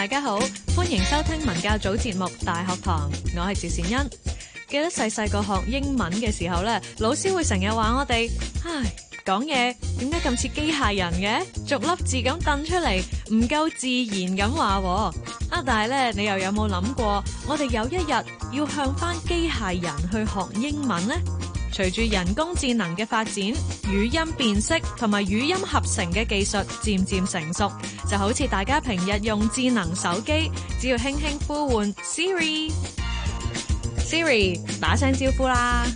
大家好，歡迎收聽文教組節目《大學堂》，我係趙善恩。記得細細個學英文嘅時候咧，老師會成日話我哋：唉，講嘢點解咁似機械人嘅，逐粒字咁掟出嚟，唔夠自然咁話。啊，但係咧，你又有冇諗過，我哋有一日要向翻機械人去學英文呢？隨住人工智能嘅發展，語音辨識同埋語音合成嘅技術漸漸成熟，就好似大家平日用智能手機，只要輕輕呼喚 Siri，Siri，打聲招呼啦。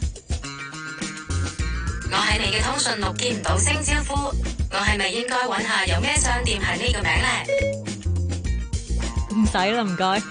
我喺你嘅通訊錄見唔到聲招呼，我係咪應該揾下有咩商店係呢個名呢？唔使啦，唔該。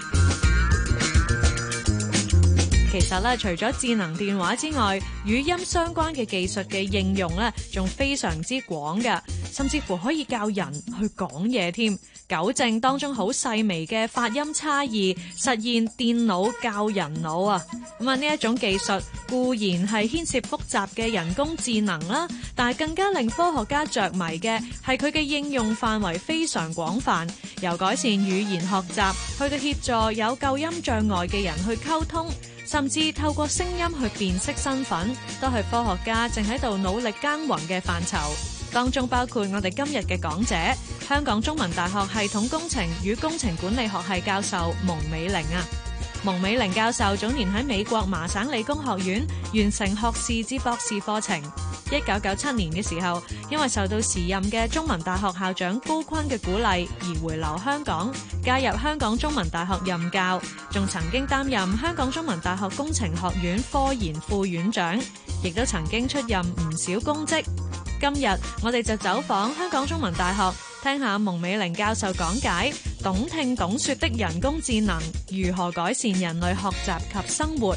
其實咧，除咗智能電話之外，語音相關嘅技術嘅應用咧，仲非常之廣嘅，甚至乎可以教人去講嘢添，糾正當中好細微嘅發音差異，實現電腦教人腦啊。咁、嗯、啊，呢一種技術固然係牽涉複雜嘅人工智能啦，但係更加令科學家著迷嘅係佢嘅應用範圍非常廣泛，由改善語言學習去到協助有構音障礙嘅人去溝通。甚至透過聲音去辨識身份，都係科學家正喺度努力耕耘嘅範疇，當中包括我哋今日嘅講者，香港中文大學系統工程與工程管理學系教授蒙美玲啊。蒙美玲教授早年喺美國麻省理工學院完成學士至博士課程，一九九七年嘅時候，因為受到時任嘅中文大學校長高錕嘅鼓勵而回流香港，加入香港中文大學任教，仲曾經擔任香港中文大學工程學院科研副院長，亦都曾經出任唔少公職。今日我哋就走訪香港中文大學，聽下蒙美玲教授講解。懂聽懂說的人工智能如何改善人類學習及生活?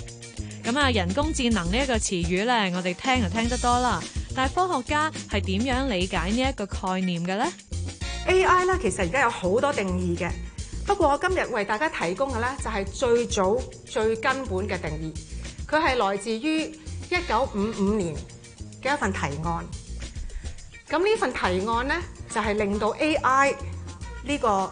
人工智能呢一個詞語,我哋聽啊聽得多啦。但係科學家係點樣理解呢一個概念嘅呢? AI 呢,其實而家有好多定義嘅。不過我今日為大家提供嘅呢,就係最早,最根本嘅定義。佢係來自於1955年嘅一份提案。噉呢份提案呢,就係令到 AI 呢個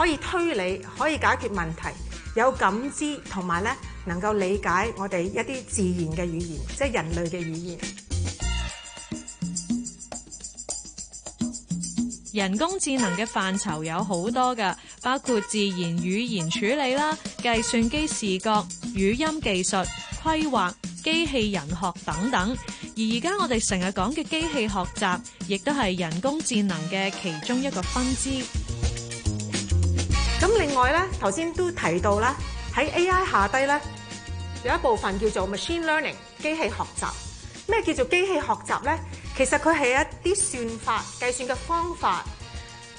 可以推理，可以解決問題，有感知同埋咧，能夠理解我哋一啲自然嘅語言，即係人類嘅語言。人工智能嘅範疇有好多㗎，包括自然語言處理啦、計算機視覺、語音技術、規劃、機器人學等等。而而家我哋成日講嘅機器學習，亦都係人工智能嘅其中一個分支。咁另外咧，頭先都提到啦，喺 AI 下低咧有一部分叫做 machine learning 機器學習。咩叫做機器學習咧？其實佢係一啲算法計算嘅方法。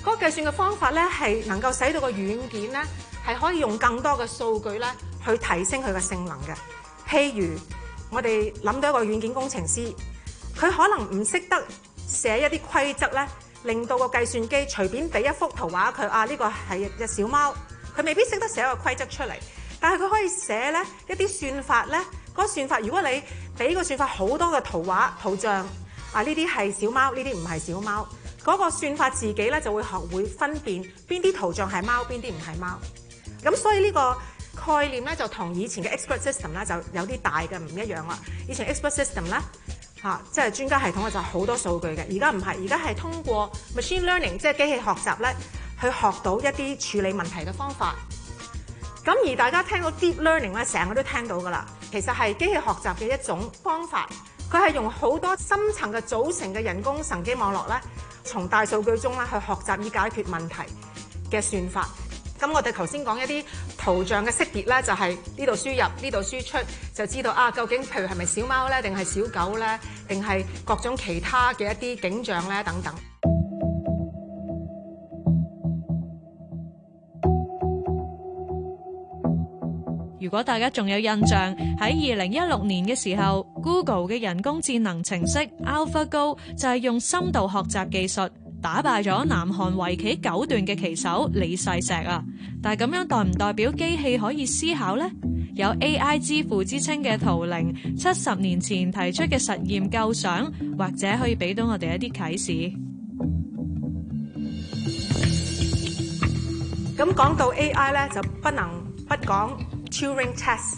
個計算嘅方法咧，係能夠使到個軟件咧係可以用更多嘅數據咧去提升佢嘅性能嘅。譬如我哋諗到一個軟件工程師，佢可能唔識得寫一啲規則咧。令到個計算機隨便俾一幅圖畫佢啊，呢個係隻小貓，佢未必識得寫個規則出嚟，但係佢可以寫呢一啲算法呢，呢個算法如果你俾個算法好多嘅圖畫圖像啊，呢啲係小貓，呢啲唔係小貓，嗰個算法自己呢，就會學會分辨邊啲圖像係貓，邊啲唔係貓。咁所以呢個概念呢，就同以前嘅 expert system 呢，就有啲大嘅唔一樣啦。以前 expert system 呢。啊、即係專家系統咧就係、是、好多數據嘅，而家唔係，而家係通過 machine learning，即係機器學習咧，去學到一啲處理問題嘅方法。咁而大家聽到 deep learning 咧，成日都聽到㗎啦，其實係機器學習嘅一種方法，佢係用好多深層嘅組成嘅人工神經網絡咧，從大數據中咧去學習以解決問題嘅算法。咁我哋頭先講一啲圖像嘅識別呢，就係呢度輸入，呢度輸出，就知道啊，究竟譬如係咪小貓呢，定係小狗呢，定係各種其他嘅一啲景象呢，等等。如果大家仲有印象，喺二零一六年嘅時候，Google 嘅人工智能程式 AlphaGo 就係用深度學習技術。打敗咗南韓圍棋九段嘅棋手李世石啊！但係咁樣代唔代表機器可以思考咧？有 AI 之父之稱嘅圖靈七十年前提出嘅實驗構想，或者可以俾到我哋一啲啟示。咁講到 AI 咧，就不能不講 Turing test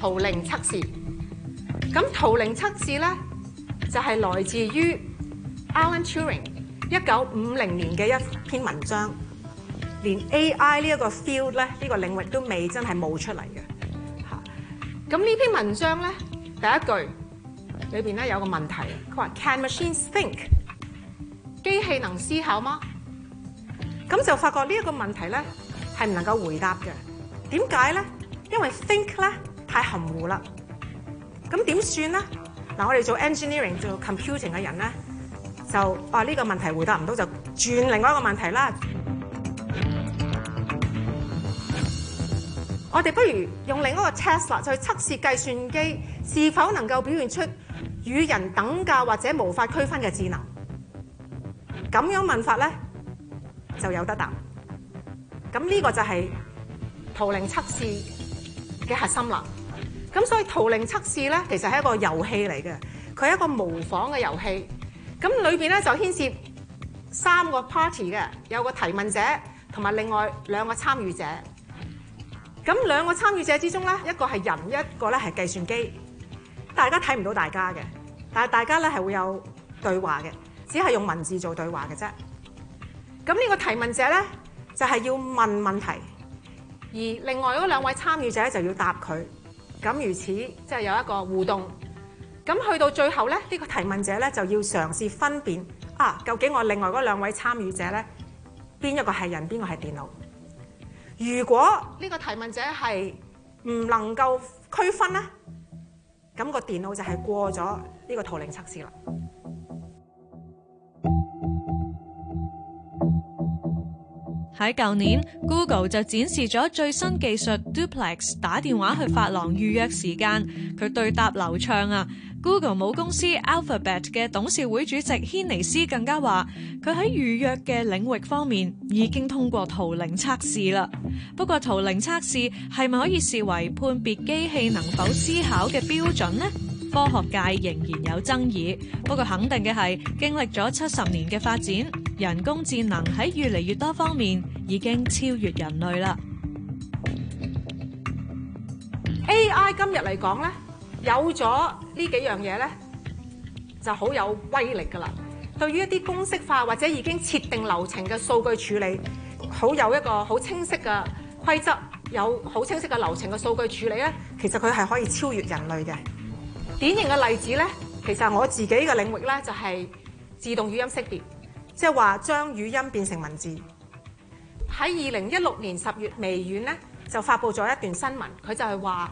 圖靈測試。咁圖靈測試咧，就係來自於 Alan Turing。一九五零年嘅一篇文章，連 AI 呢一個 field 咧，呢個領域都未真係冒出嚟嘅。嚇，咁呢篇文章咧，第一句裏面咧，有個問題，佢話 Can machines think？機器能思考嗎？咁就發覺呢一個問題咧，係唔能夠回答嘅。點解咧？因為 think 咧太含糊啦。咁點算咧？嗱，我哋做 engineering 做 computing 嘅人咧。就啊，呢個問題回答唔到，就轉另外一個問題啦。 我哋不如用另外一個 test 啦，就去測試計算機是否能夠表現出與人等價或者無法區分嘅智能。咁樣問法咧就有得答。咁呢個就係圖靈測試嘅核心啦。咁所以圖靈測試咧其實係一個遊戲嚟嘅，佢係一個模仿嘅遊戲。咁裏邊咧就牽涉三個 party 嘅，有個提問者同埋另外兩個參與者。咁兩個參與者之中咧，一個係人，一個咧係計算機。大家睇唔到大家嘅，但係大家咧係會有對話嘅，只係用文字做對話嘅啫。咁呢個提問者咧就係要問問題，而另外嗰兩位參與者就要答佢。咁如此即係有一個互動。咁去到最後呢，呢個提問者呢就要嘗試分辨啊，究竟我另外嗰兩位參與者呢，邊一個係人，邊個係電腦？如果呢個提問者係唔能夠區分呢，咁個電腦就係過咗呢個圖靈測試啦。喺舊年，Google 就展示咗最新技術 Duplex 打電話去髮廊預約時間，佢對答流暢啊！Google 母公司 Alphabet 嘅董事會主席軒尼斯更加話，佢喺預約嘅領域方面已經通過圖靈測試啦。不過圖靈測試係咪可以視為判別機器能否思考嘅標準呢？科學界仍然有爭議。不過肯定嘅係，經歷咗七十年嘅發展，人工智能喺越嚟越多方面已經超越人類啦。AI 今日嚟講呢。有咗呢幾樣嘢呢，就好有威力噶啦。對於一啲公式化或者已經設定流程嘅數據處理，好有一個好清晰嘅規則，有好清晰嘅流程嘅數據處理呢，其實佢係可以超越人類嘅。典型嘅例子呢，其實我自己嘅領域呢，就係自動語音識別，即係話將語音變成文字。喺二零一六年十月，微軟呢就發布咗一段新聞，佢就係話。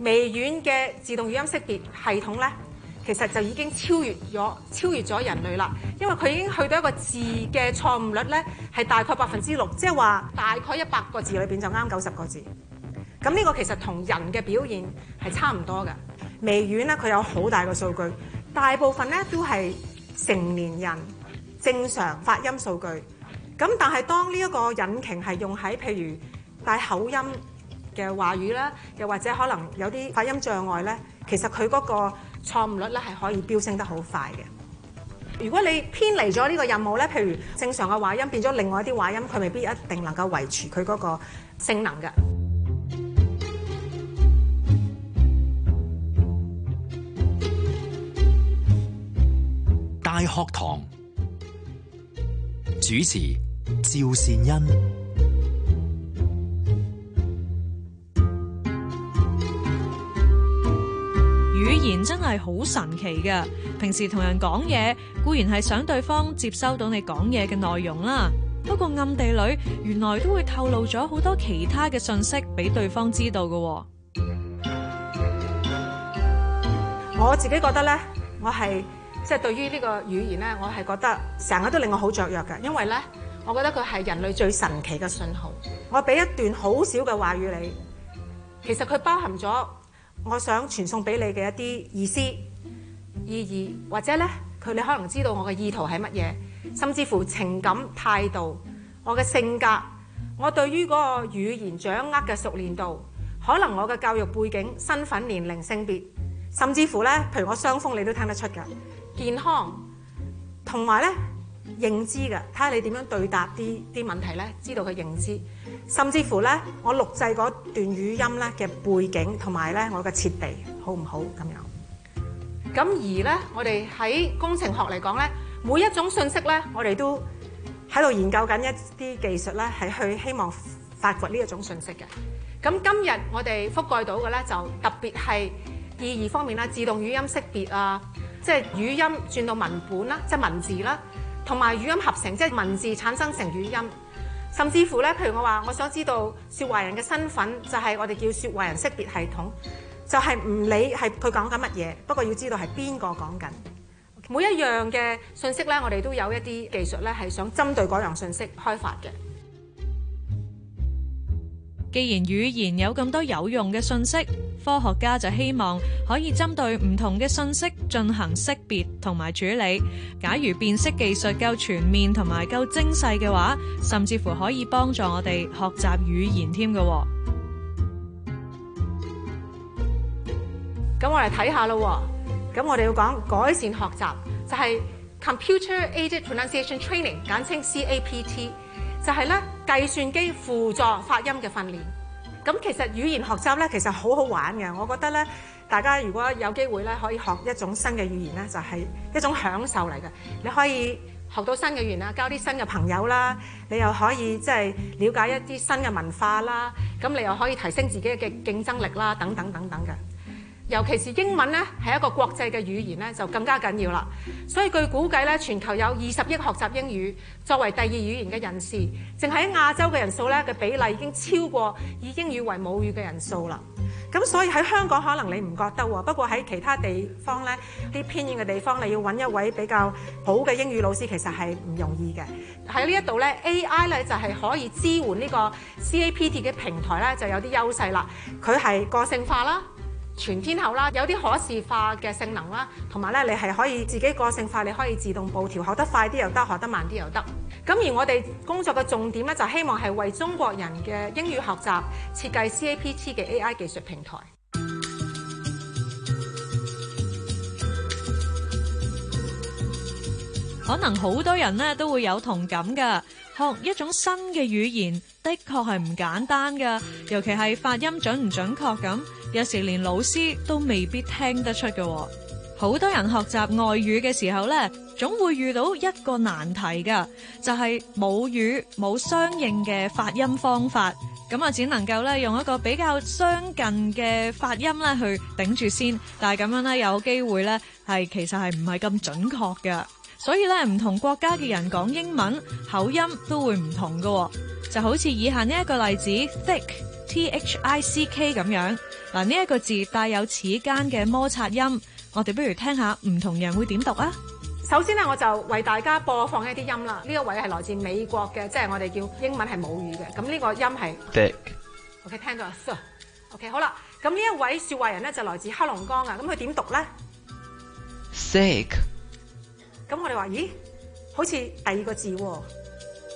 微軟嘅自動語音識別系統呢，其實就已經超越咗超越咗人類啦，因為佢已經去到一個字嘅錯誤率呢，係大概百分之六，即係話大概一百個字裏邊就啱九十個字。咁呢個其實同人嘅表現係差唔多嘅。微軟呢，佢有好大嘅數據，大部分呢都係成年人正常發音數據。咁但係當呢一個引擎係用喺譬如帶口音。嘅話語啦，又或者可能有啲發音障礙咧，其實佢嗰個錯誤率咧係可以飆升得好快嘅。如果你偏離咗呢個任務咧，譬如正常嘅話音變咗另外一啲話音，佢未必一定能夠維持佢嗰個性能嘅。大學堂主持趙善恩。言真係好神奇噶，平時同人講嘢固然係想對方接收到你講嘢嘅內容啦，不過暗地裏原來都會透露咗好多其他嘅信息俾對方知道噶。我自己覺得呢，我係即係對於呢個語言呢，我係覺得成日都令我好雀躍噶因為呢，我覺得佢係人類最神奇嘅信號。我俾一段好少嘅話語你，其實佢包含咗。我想傳送俾你嘅一啲意思、意義，或者呢，佢你可能知道我嘅意圖係乜嘢，甚至乎情感態度、我嘅性格、我對於嗰個語言掌握嘅熟練度，可能我嘅教育背景、身份、年齡、性別，甚至乎呢，譬如我雙峰你都聽得出嘅健康，同埋呢，認知嘅，睇下你點樣對答啲啲問題呢？知道佢認知。甚至乎咧，我錄製嗰段語音咧嘅背景同埋咧我嘅設備好唔好咁樣？咁而咧，我哋喺工程學嚟講咧，每一種信息咧，我哋都喺度研究緊一啲技術咧，係去希望發掘呢一種信息嘅。咁今日我哋覆蓋到嘅咧，就特別係意義方面啦，自動語音識別啊，即係語音轉到文本啦，即係文字啦，同埋語音合成，即係文字產生成語音。甚至乎咧，譬如我話，我想知道説話人嘅身份，就係我哋叫説話人識別系統，就係唔理係佢講緊乜嘢，不過要知道係邊個講緊。每一樣嘅信息咧，我哋都有一啲技術咧，係想針對嗰樣信息開發嘅。既然語言有咁多有用嘅信息，科學家就希望可以針對唔同嘅信息進行識別同埋處理。假如辨識技術夠全面同埋夠精細嘅話，甚至乎可以幫助我哋學習語言添嘅。咁我嚟睇下咯。咁我哋要講改善學習，就係 computer aided pronunciation training，簡稱 CAPT。就係咧，計算機輔助發音嘅訓練，咁其實語言學習咧，其實好好玩嘅，我覺得咧，大家如果有機會咧，可以學一種新嘅語言咧，就係一種享受嚟嘅。你可以學到新嘅語言啦，交啲新嘅朋友啦，你又可以即係了解一啲新嘅文化啦，咁你又可以提升自己嘅競爭力啦，等等等等嘅。尤其是英文咧，係一個國際嘅語言咧，就更加緊要啦。所以據估計咧，全球有二十億學習英語作為第二語言嘅人士，淨喺亞洲嘅人數咧嘅比例已經超過以英語為母語嘅人數啦。咁所以喺香港可能你唔覺得喎，不過喺其他地方咧，啲偏遠嘅地方，你要揾一位比較好嘅英語老師，其實係唔容易嘅。喺呢一度咧，AI 咧就係可以支援呢個 CAPT 嘅平台咧，就有啲優勢啦。佢係個性化啦。全天候啦，有啲可視化嘅性能啦，同埋咧你係可以自己個性化，你可以自動步調，學得快啲又得，學得慢啲又得。咁而我哋工作嘅重點咧，就希望係為中國人嘅英語學習設計 CAPT 嘅 AI 技術平台。可能好多人咧都會有同感嘅，學一種新嘅語言，的確係唔簡單嘅。尤其係發音準唔準確咁，有時連老師都未必聽得出嘅。好多人學習外語嘅時候咧，總會遇到一個難題嘅，就係母語冇相應嘅發音方法，咁啊，只能夠咧用一個比較相近嘅發音咧去頂住先，但係咁樣咧有機會咧係其實，係唔係咁準確嘅。所以咧，唔同國家嘅人講英文口音都會唔同喎。哦，就好似以下呢一個例子，thick，t h i c k 咁樣。嗱、啊，呢、這、一個字帶有齒間嘅摩擦音，我哋不如聽下唔同人會點讀啊。首先呢，我就為大家播放一啲音啦。呢一位係來自美國嘅，即、就、係、是、我哋叫英文係母語嘅，咁呢個音係 thick。Thick. OK，聽到啦 sure OK，好啦，咁呢一位說話人呢，就來自黑龍江啊，咁佢點讀呢？sick。咁我哋話，咦，好似第二個字，哦，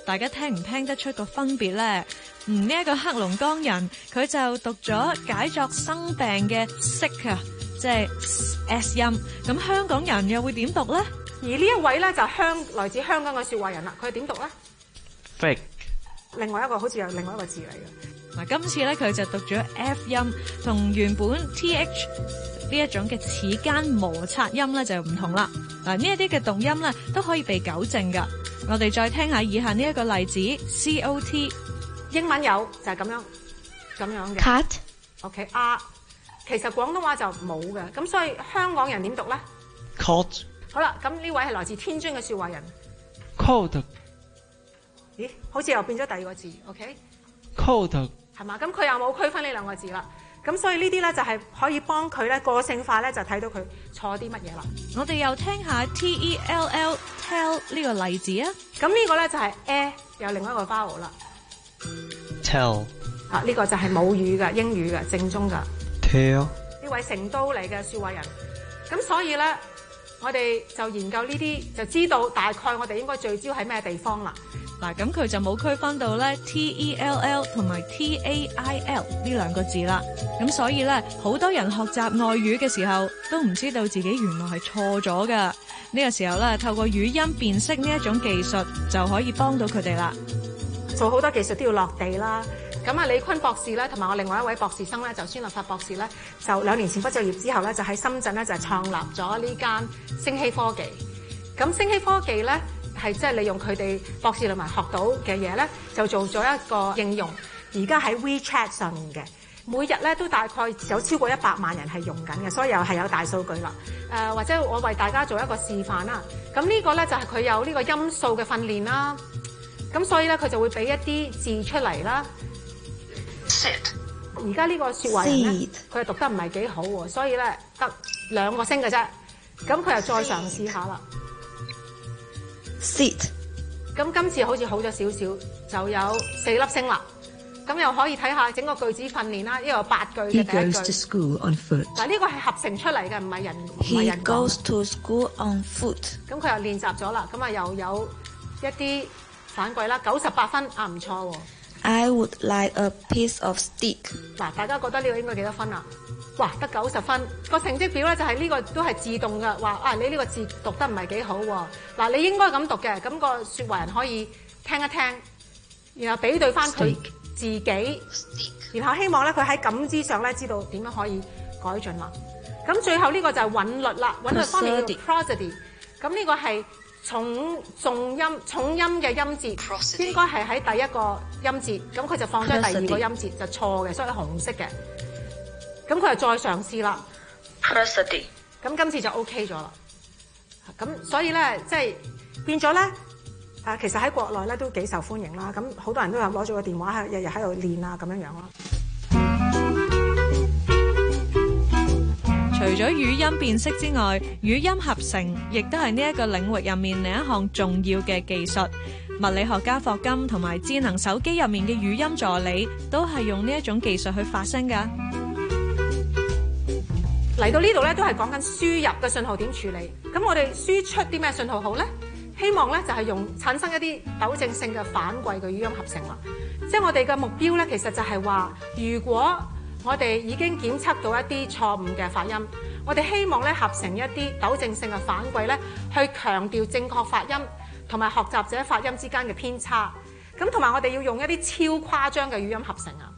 大家聽唔聽得出個分別咧？嗯，呢一個黑龍江人佢就讀咗解作生病嘅 sick，即係 s, s 音。咁香港人又會點讀咧？而呢一位咧就香、是、來自香港嘅說話人啦，佢係點讀咧？fake。另外一個好似有另外一個字嚟嘅。嗱，今次咧佢就讀咗 f 音，同原本 th。呢一種嘅齒間摩擦音咧就唔同啦，嗱呢一啲嘅動音咧都可以被糾正嘅。我哋再聽下以下呢一個例子，C O T，英文有就係、是、咁樣咁樣嘅。Cut，OK、okay, R，、啊、其實廣東話就冇嘅，咁所以香港人點讀咧？Cut，Code. 好啦，咁呢位係來自天津嘅説話人。Cold 咦？好似又變咗第二個字 OK？Cold 係嘛？咁、okay? 佢 Code. 又冇區分呢兩個字啦。咁所以呢啲咧就係可以幫佢咧個性化咧，就睇到佢錯啲乜嘢啦。我哋又聽下 T E L L tell 呢個例子啊。咁呢個咧就係 a 有另外一個 vowel 啦。tell 啊，呢個就係母語嘅英語嘅正宗嘅 tell，呢位成都嚟嘅說話人。咁所以咧，我哋就研究呢啲，就知道大概我哋應該聚焦喺咩地方啦。嗱，咁佢就冇區分到咧 T E L L 同埋 T A I L 呢兩個字啦。咁所以咧，好多人學習外語嘅時候都唔知道自己原來係錯咗㗎。呢個時候咧，透過語音辨識呢一種技術就可以幫到佢哋啦。做好多技術都要落地啦。咁啊，李坤博士咧，同埋我另外一位博士生咧，就孫立法博士咧，就兩年前畢咗業之後咧，就喺深圳咧就係創立咗呢間星希科技。咁星希科技咧。係即係利用佢哋博士論文學到嘅嘢咧，就做咗一個應用。而家喺 WeChat 上面嘅，每日咧都大概有超過一百萬人係用緊嘅，所以又係有大數據啦。誒、呃，或者我為大家做一個示範啦。咁呢個咧就係、是、佢有呢個音素嘅訓練啦。咁所以咧，佢就會俾一啲字出嚟啦。sit。而家呢個説話人咧，佢 Sit. 讀得唔係幾好，所以咧得兩個星嘅啫。咁佢又再嘗試一下啦。sit 咁今次好似好咗少少，就有四粒星啦。咁又可以睇下整個句子訓練啦，呢個八句嘅第一句。He goes to school on foot。嗱，呢個係合成出嚟嘅，唔係人唔係人工。He goes to school on foot。咁佢又練習咗啦，咁啊又有一啲反饋啦，九十八分啊，唔錯哦。I would like a piece of stick。嗱，大家覺得呢個應該幾多分啊？哇，得九十分。個成績表咧，就係呢個都係自動嘅，話啊你呢個字讀得唔係幾好喎，嗱、啊、你應該咁讀嘅，咁、那個說話人可以聽一聽，然後比對返佢自己，Stick. 然後希望咧佢喺感知上咧知道點樣可以改進啦。咁最後呢個就係韻律啦，韻律方面叫 prosody，咁呢個係重重音重音嘅音節，Pros ody. 應該係喺第一個音節，咁佢就放咗喺第二個音節 Pros ody. 就錯嘅，所以係紅色嘅。咁佢又再嘗試啦，咁今次就 OK 咗啦。咁所以咧，即係變咗咧。啊，其實喺國內咧都幾受歡迎啦。咁好多人都有攞住個電話喺日日喺度練啊，咁樣樣咯。除咗語音辨識之外，語音合成亦都係呢一個領域入面另一項重要嘅技術。物理學家霍金同埋智能手機入面嘅語音助理都係用呢一種技術去發聲㗎。嚟到呢度咧，都係講緊輸入嘅信號點處理。咁我哋輸出啲咩信號好呢？希望咧就係用產生一啲糾正性嘅反饋嘅語音合成啦。即係我哋嘅目標咧，其實就係話，如果我哋已經檢測到一啲錯誤嘅發音，我哋希望咧合成一啲糾正性嘅反饋咧，去強調正確發音同埋學習者發音之間嘅偏差。咁同埋我哋要用一啲超誇張嘅語音合成啊。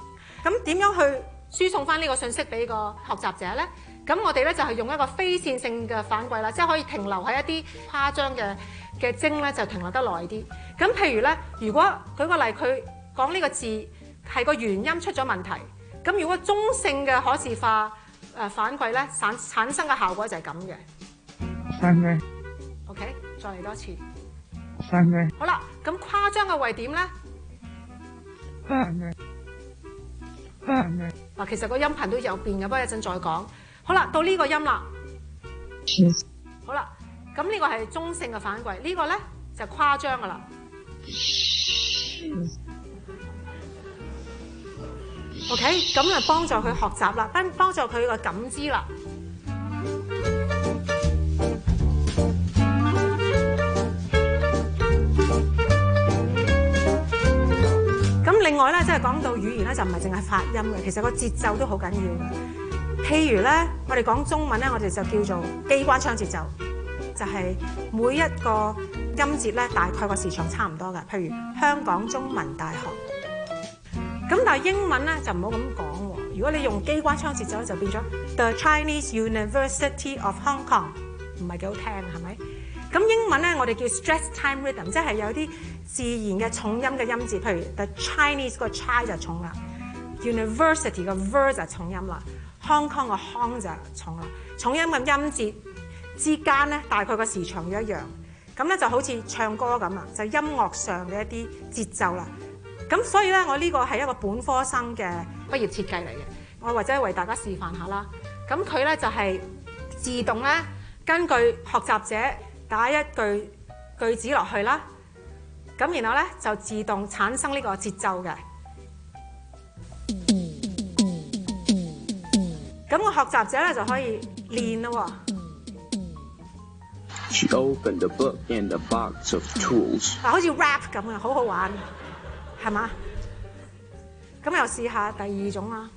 咁點樣去輸送返呢個信息俾個學習者呢？咁我哋咧就係用一個非線性嘅反饋啦，即係可以停留喺一啲誇張嘅嘅精咧，就停留得耐啲。咁譬如咧，如果舉個例，佢講呢個字係個元音出咗問題，咁如果中性嘅可視化誒反饋咧，產產生嘅效果就係咁嘅。三嘅，OK，再嚟多次。三嘅，好啦，咁誇張嘅位點咧？三嘅，三嘅。嗱，其實個音頻都有變嘅，不過一陣再講。好啦，到呢個音啦。嗯、好啦，咁呢個係中性嘅反饋，呢個、呢個咧就係、誇張㗎啦。OK，咁就幫助佢學習啦，幫幫助佢個感知啦。咁、嗯、另外咧，即係講到語言咧，就唔係淨係發音嘅，其實個節奏都好緊要嘅。譬如咧，我哋講中文咧，我哋就叫做機關槍節奏，就係每一個音節咧，大概個時長差唔多嘅。譬如香港中文大學，咁但係英文咧就唔好咁講。如果你用機關槍節奏就變咗 The Chinese University of Hong Kong，唔係幾好聽，係咪？咁英文咧，我哋叫 stress time rhythm，即係有啲自然嘅重音嘅音節，譬如 The Chinese 個 Chai 就重啦，University 個 verse 就重音啦。Hong Kong 嘅腔就重啦，重音嘅音節之間咧，大概個時長要一樣。咁咧就好似唱歌咁啊，就音樂上嘅一啲節奏啦。咁所以咧，我呢個係一個本科生嘅畢業設計嚟嘅。我或者為大家示範下啦。咁佢咧就係自動咧，根據學習者打一句句子落去啦。咁然後咧就自動產生呢個節奏嘅。咁個學習者咧就可以練咯喎，She opened the book in the box of tools. 嗱，好似 rap 咁嘅，好好玩，係嘛？咁又試下第二種啦。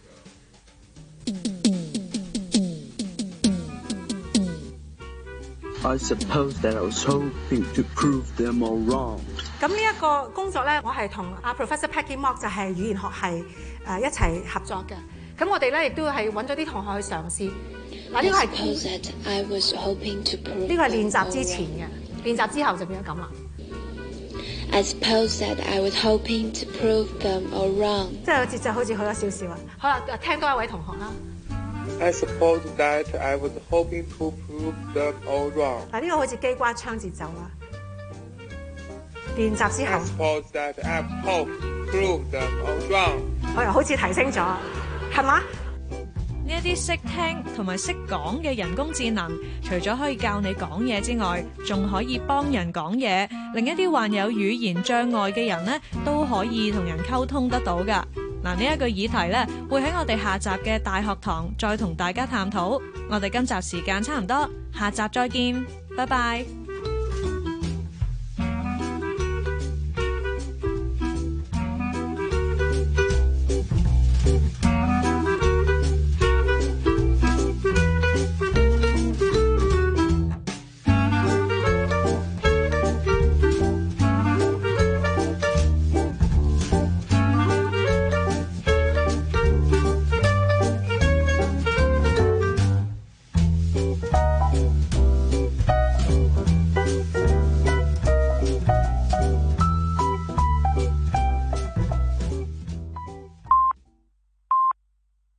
I suppose that I was hoping to prove them all wrong. 咁呢一個工作咧，我係同啊 Professor Peggy Mok 就係語言學係誒一齊合作嘅。咁我哋咧亦都係揾咗啲同學去嘗試，嗱，呢個係呢個係練習之前嘅，練習之後就變咗咁啦。即係節奏好似好咗少少啊！好啦，聽多一位同學啦。嗱，呢個好似機關槍節奏啦。練習之後我又好似提升咗。呢一啲識聽同埋識講嘅人工智能，除咗可以教你講嘢之外，仲可以幫人講嘢，令一啲患有語言障礙嘅人咧都可以同人溝通得到㗎。嗱、啊，呢一個議題咧會喺我哋下集嘅大學堂再同大家探討。我哋今集時間差唔多，下集再見，拜拜。